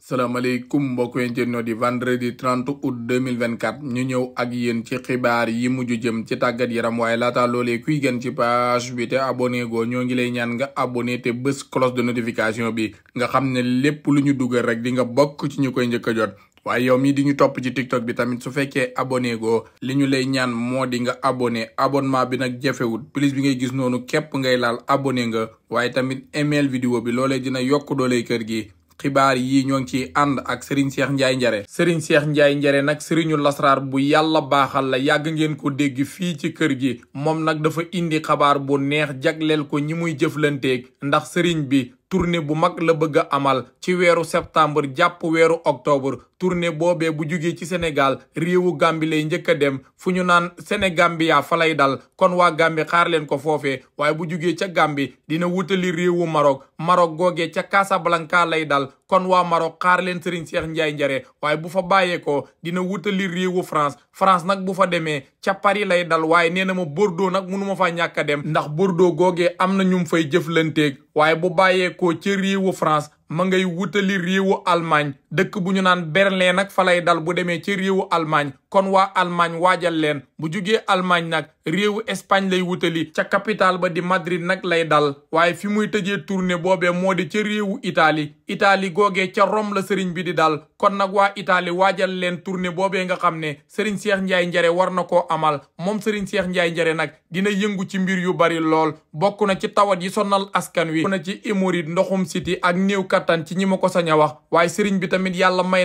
salaamaaleykum mbokk internet di vendredi 30 août 2024 ñu ñëw ak yéen ci xibaar yi mujj jëm ci tàggat yaram waaye laata loolee kuy gën ci page bi te abonné goo ñoo ngi lay ñaan nga abonné te bés cloche de notification bi nga xam ne lépp lu ñu dugal rek di nga bokk ci ñu koy njëkk a jot waaye yow mii di ñu topp ci tiktok bi tamit su fekkee abonné goo li ñu lay ñaan moo di nga abonné abonnement bi nag jafewut plus bi ngay gis noonu képp ngay laal abonné nga waaye tamit email vidéo bi loolee dina yokk dooley kër gi xibaar yi ñoo ngi ciy ànd ak Serigne Cheikh Ndiaye Njare Serigne Cheikh Ndiaye Njare nag Serigne Lasrar bu yàlla baaxal la yàgg ngeen ko dégg fii ci kër gi moom nag dafa indi xabaar bu neex jagleel ko ñi muy jëflanteeg ndax Serigne bi tournée bu mag la bëgg a amal ci weeru septembre jàpp weeru octobre tournée boobee bu jugee ci Sénégal réewu Gàmbi lay njëkk a dem fu ñu naan Sénégambia fa lay dal kon waa Gàmbi xaar leen ko foofee waaye bu jugee ca Gàmbi dina wutali réewu Maroc Maroc googee ca Casablanca lay dal kon waa Maroc xaar leen Serigne Cheikh Ndiaye njare waaye bu fa bàyyeekoo dina wutali réewu France France nag bu fa demee ca Paris lay dal waaye nee na ma Bordeaux nag mënu ma faa ñàkk a dem ndax Bordeaux googee am na ñu fay jëflanteeg waaye bu bàyyeekoo ci réewu France ma ngay wutali réewu Allemagne dëkk bu ñu naan Berlin nag fa lay dal bu demee ci réewu almaañ kon waa almaañ waajal leen bu jugee almaañ nag réewu Espagne lay wutali ca capital ba di Madrid nag lay dal waaye fi muy tëjee tournée boobee moo di ca réewu Italie itali googee ca Rome la sëriñ bi di dal kon nag waa itali waajal leen tournée boobee nga xam ne sëriñ Cheikh Ndiaye Njare war na koo amal moom sëriñ Cheikh Ndiaye Njare nag dina yëngu ci mbir yu bari lool bokk na ci tawat yi sonal askan wi. bokk na ci hémorroïde ndoxum siti ak néew kattan ci ñi ma ko sañ a wax waaye sëriñ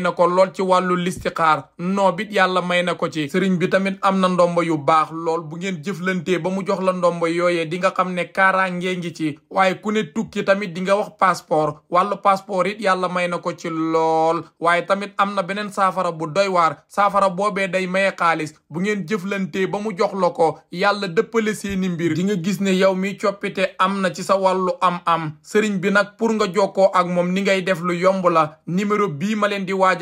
na ko lool ci may na ko ci sëriñ bi tamit am na ndomba yu baax lool bu ngeen jëflantee ba mu jox la ndomba yooyee di nga xam ne kaaraange ngi ci waaye ku ne tukki tamit di nga wax passeport wàllu passeport it yàlla may na ko ci lool waaye tamit am na beneen saafara bu doy waar saafara boobee day maye xaalis bu ngeen jëflantee ba mu jox la ko yàlla dëppale seeni mbir di nga gis ne yow mi coppite am na ci sa wàllu am-am sëriñ bi nag pour nga jokkoo ak moom ni ngay def lu yomb la numéro di waaj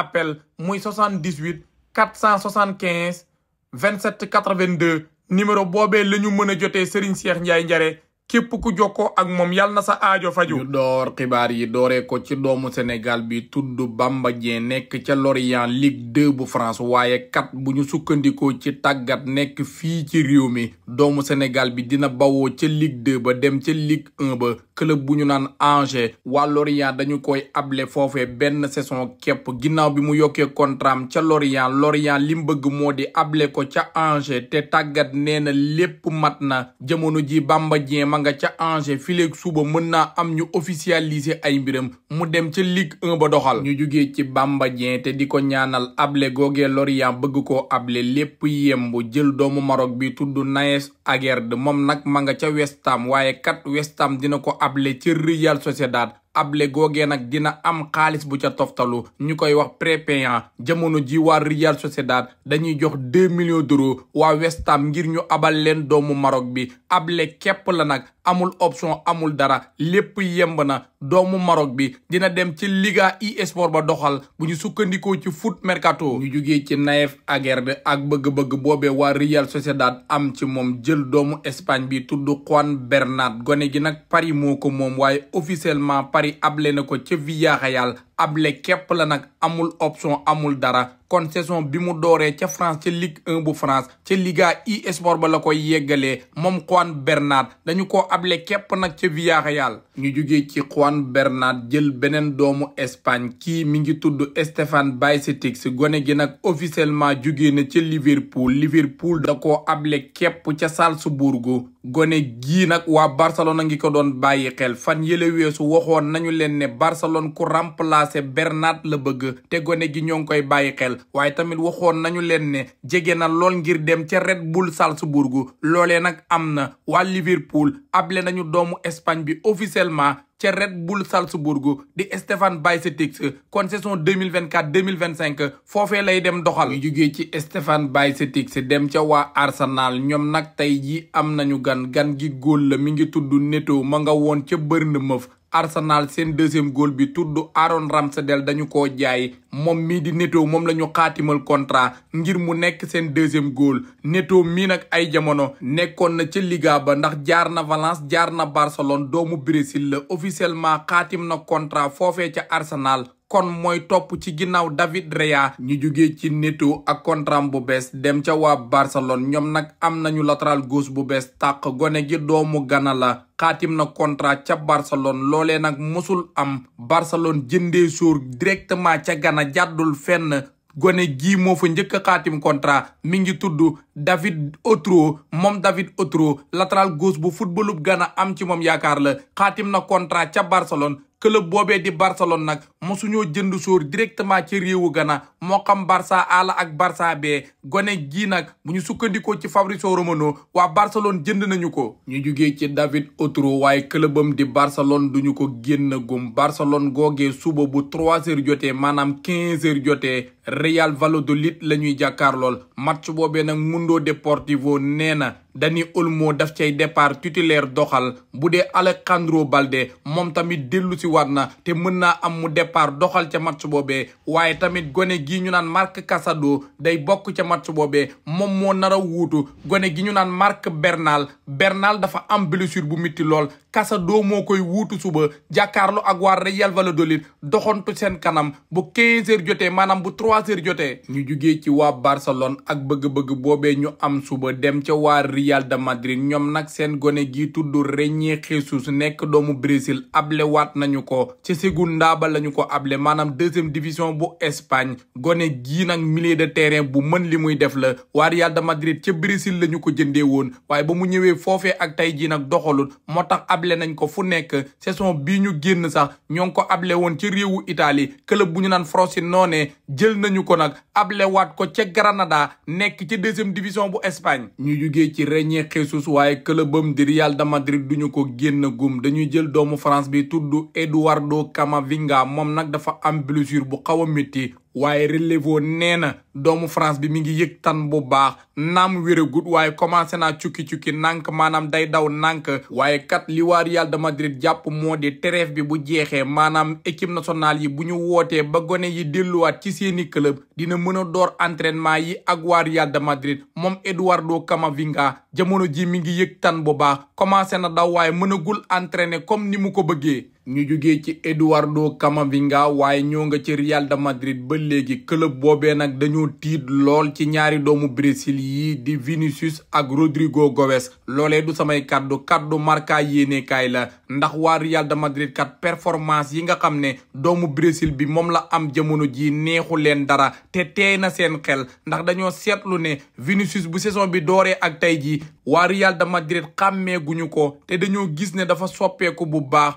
a appel muy 78 475 27 82 numéro boobee la ñu mën a jotee Serigne Cheikh Ndiaye Njare képp ku jokkoo ak moom yàlla na sa aajo faju ñu door xibaar yi dooree ko ci doomu Sénégal bi tudd Bamba Dieng nekk ca Lorient Ligue 2 bu France waaye kat bu ñu sukkandikoo ci tàggat nekk fii ci réew mi doomu Sénégal bi dina bawoo ca Ligue 2 ba dem ca Ligue 1 ba club bu ñu naan Angers waa Lorient dañu koy able foofee benn saison képp ginnaaw bi mu yokkee contraam ca Lorient Lorient lim bëgg moo di able ko ca Angers te tàggat nee na lépp mat na jamono ji Bamba Dieng ma nga ca Angers fileeg suba mën naa am ñu officialiser ay mbiram mu dem ca Ligue 1 doxal ñu jugee ci Bamba te di ko ñaanal able googee Lorient bëgg ko able lépp yemb jël doomu Maroc bi tudd Naès Aguerd moom nag ma ca West waaye kat West able ci Real Sociedad able googee nag dina am xaalis bu ca toftalu ñu koy wax prépayant jamono ji waa Real Sociedad dañuy jox deux millions d'euros waa West ngir ñu abal leen doomu Maroc bi able képp la nag amul option amul dara lépp yemb na doomu Maroc bi dina dem ci Liga e-sport ba doxal bu ñu sukkandikoo ci foot mercato ñu jugee ci Naef Aguerd ak bëgg-bëgg boobee waa Real Sociedad am ci moom jël doomu Espagne bi tudd Juan Bernat gone gi nag Paris moo ko moom waaye officiellement Paris able na ko ca Villarreal able képp la nag amul option amul dara kon saison bi mu dooree ca France ca Ligue 1 bu France ca Liga e-sport ba la koy yeggalee moom Juan Bernat dañu ko able képp nag ca Villarreal ñu jugee ci Juan Bernat jël beneen doomu Espagne ki mi ngi tudd Stéphane Bajcetic gone gi nag officiellement jugee na ca Liverpool Liverpool da ko able képp ca Salzburgo gone gii nag waa Barcelone ngi ko doon bàyyi xel fan yële weesu waxoon nañu leen ne Barcelone ku remplacer Bernat la bëgg te gone gi ñoo ngi koy bàyyi xel waaye tamit waxoon nañu leen ne jege na lool ngir dem ca Red Bull Salzburg loolee nag am na waa Liverpool able nañu doomu Espagne bi officiellement ca Red Bull Salzburg di Stefan Bajcetic kon saison 2024 2025 foofee lay dem doxal ñu jógee ci Stefan Bajcetic dem ca waa Arsenal ñoom nag tey ji am nañu gan gan gi góol la mi ngi tudd Neto ma nga woon ca Bournemouth Arsenal seen deuxième goal bi tudd Aaron Ramsdale dañu ko jaay moom mii di Neto moom la ñu xaatimal contrat ngir mu nekk seen deuxième goal Neto mii nag ay jamono nekkoon na ca Liga ba ndax jaar na Valence jaar na Barcelone doomu Brésil la officiellement xaatim contrat foofee ca Arsenal kon mooy topp ci ginnaaw David Rea ñu jugee ci Neto ak contrat bu bees dem ca waa Barcelone ñoom nag am nañu latéral gauche bu bees tàq gone gi doomu Gana la xaatim na contrat ca Barcelone loolee nag mosul am Barcelone jëndee suur directement ca Gana jàddul fenn gone gii moo fa njëkk a xaatim contrat mi ngi tudd David autro moom David autro latéral gauche bu footballu Ghana am ci moom yaakaar la xaatim na contrat ca Barcelone club boobee di Barcelone nag mosuñoo jënd sóor directement ci réewu gana moo xam Barça A ak Barça be gone gii nag bu ñu sukkandiku ci Fabrizio Romano waa Barcelone jënd nañu ko. ñu jugee ci David Otro waaye clubam di du ñu ko génn gum Barcelone googee suba bu trois heures jotee maanaam quinze heures jotee Real Valladolid la ñuy jàkkaarlool Mundo Deportivo nee na Dani Olmo daf cay départ titulaire doxal bu dee Alejandro Balde moom tamit dellu si waat na te mën naa am mu départ doxal ca match boobee waaye tamit gone gi ñu naan Marc Casado day bokk ca match boobee moom moo nar a wuutu gone gi ñu naan Marc Bernal Bernal dafa am blessure bu mitti lool Casado moo koy wuutu suba jàkkaarloo ak waa Real Valladolid doxantu seen kanam bu 15 heures jotee maanaam bu 3 heures jotee ñu jugee ci waa Barcelone ak bëgg-bëgg boobee ñu am suba dem ca waa Real de Madrid ñoom nag seen gone gi tudd Reinier Jesus nekk doomu Brésil able waat nañu ko ci Segunda ba lañu ko able maanaam deuxième division bu Espagne gone gii nag milieu de terrain bu man li muy def la waa Real de Madrid ca Brésil lañu ko jëndee woon waaye ba mu ñëwee foofee ak tey jii nag doxalul moo tax able nañ ko fu nekk saison bii ñu génn sax ñoo ko able woon ci réewu Italie club bu ñu naan Frosinone noonee jël nañu ko nag able waat ko ca Granada ci deuxième reñee Jesus waaye këlëbam di Real de Madrid duñu ko génn gum dañuy jël doomu France bi tudd Eduardo Camavinga moom nag dafa am blessure bu xaw a métti waaye relevo nee na doomu France bi mi ngi yëg tan bu baax naam wéregut waaye commencé naa cukki-cukki nànk maanaam day daw nànk waaye kat li waa Real de Madrid jàpp moo di tereef bi bu jeexee maanaam équipe nationale yi bu ñu wootee ba gone yi delluwaat ci seeni club dina mën a door entraînement yi ak waa Real de Madrid moom Eduardo Camavinga jamono ji mi ngi yëg tan bu baax commencé na daw waaye mënagul entraîner comme ni mu ko bëggee ñu jugee ci Eduardo Camavinga waaye ñoo nga ci Real de Madrid ba léegi club boobee nag dañoo tiit lool ci ñaari doomu Brésil yi di Vinicius ak Rodrigo Goes loolee du samay kàddu kàddu marka yéenekaay la ndax waa Real de Madrid kat performance yi nga xam ne doomu Brésil bi moom la am jamono ji neexu leen dara te teey na seen xel ndax dañoo seetlu ne Vinicius bu saison bi dooree ak tey jii waa Real de Madrid xàmmee ko te dañoo gis ne dafa soppeeku bu baax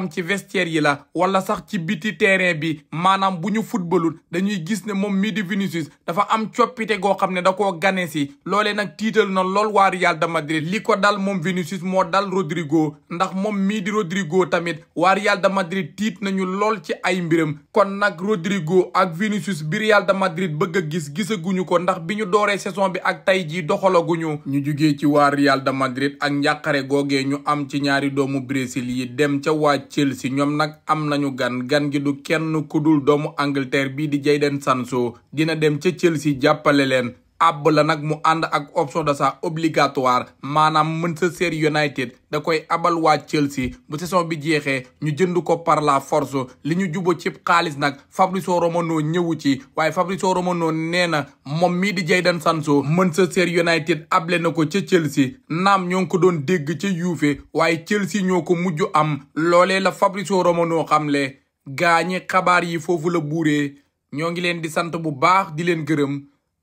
am ci vestiaire yi la wala sax ci biti terrain bi maanaam bu ñu footballul dañuy gis ne moom mii di Vinicius dafa am coppite goo xam ne da koo gane si loolee nag tiital na lool waa Real de Madrid li ko dal moom Vinicius moo dal Rodrigo ndax moom mii di Rodrigo tamit waa Real de Madrid tiit nañu lool ci ay mbiram kon nag Rodrigo ak Vinicius bi Real de Madrid bëgg a gis gisaguñu ko ndax bi ñu dooree saison bi ak tey jii doxalaguñu ñu jugee ci waa Real de Madrid ak njàqare googee ñu am ci ñaari doomu Brésil Chelsea ñoom nag am nañu gan gan gi du kenn ku dul doomu Angleterre bii di Jayden Sancho dina dem ca Chelsea jàppale leen àbb nag mu ànd ak option sa obligatoire maanaam Manchester United da koy abal waa Chelsea bu saison bi jeexee ñu jënd ko par la force li ñu jubo ci xaalis nag Fabrizio Romano ñëwu ci waaye Fabrizio Romano nee na moom mii di Jadon Sancho Manchester United able na ko ca Chelsea naam ñoo ngi ko doon dégg ci Juve waaye Chelsea ñoo ko mujj am loole la Fabrizio Romano xamle gaañi xabaar yi foofu la buuree ñoo ngi leen di sant bu baax di leen gërëm